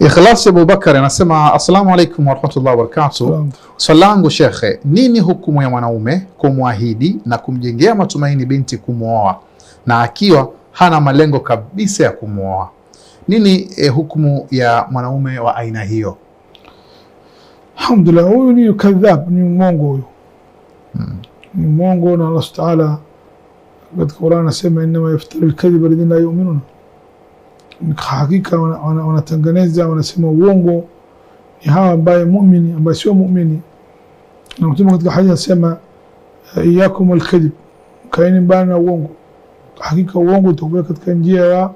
Ikhlasi Abubakari anasema assalamu alaikum warahmatullahi wabarakatuh. Swali langu shekhe, nini hukumu ya mwanaume kumwahidi na kumjengea matumaini binti kumwoa na akiwa hana malengo kabisa ya kumwoa? Nini eh, hukumu ya mwanaume wa aina hiyo? Alhamdulillah, huyu ni kadhab, ni mwongo huyu. Hmm. Ni mwongo na Allah Taala katika Qur'an anasema, innama yaftaru alkadhiba alladhina la yu'minuna hakika wanatengeneza wana, wana wanasema uongo ni hawa ambaye muumini ambaye sio muumini na Mtume katika hadithi anasema eh, iyakum alkadhib, kaeni mbali na uongo, hakika uongo utakupeleka katika njia ya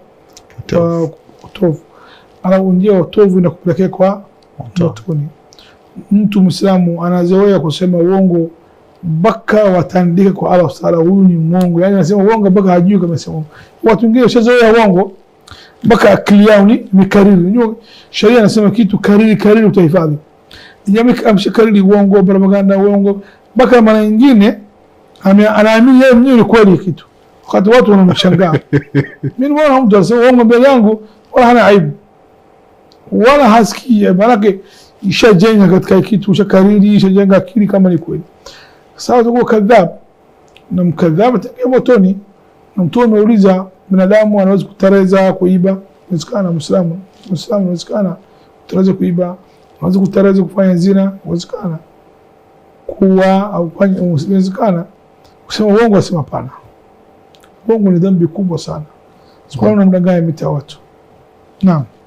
utovu. Alafu njia ya utovu inakupelekea kwa motoni. Mtu Muislamu anazoea kusema uongo mpaka watandika kwa Allah sala huyu ni mwongo. Yani anasema uongo mpaka hajui kama sema. Watu wengine washazoea uongo mpaka akili yao ni imekariri. Unajua sheria inasema kitu kariri, kariri utahifadhi. Jamaa ameshakariri uongo, propaganda, uongo, mpaka mara nyingine anaamini yeye mwenyewe ni kweli kitu, wakati watu wanamshangaa. Mimi mbona mtu anasema uongo mbele yangu, wala hana aibu wala hasikii aibu, ishajenga katika kitu, ishakariri, ishajenga akili kama ni kweli. Sasa utakuwa kadhab na mkadhab ataingia motoni. Mtume ameuliza binadamu anaweza kutareza kuiba? Inawezekana. Muislamu muislamu, inawezekana kutereza kuiba, anaweza kutareza kufanya zina, inawezekana kuwa au kufanya, inawezekana kusema uongo, asema pana. Uongo ni dhambi kubwa sana, sikuwa unamdanganya mita watu. Naam.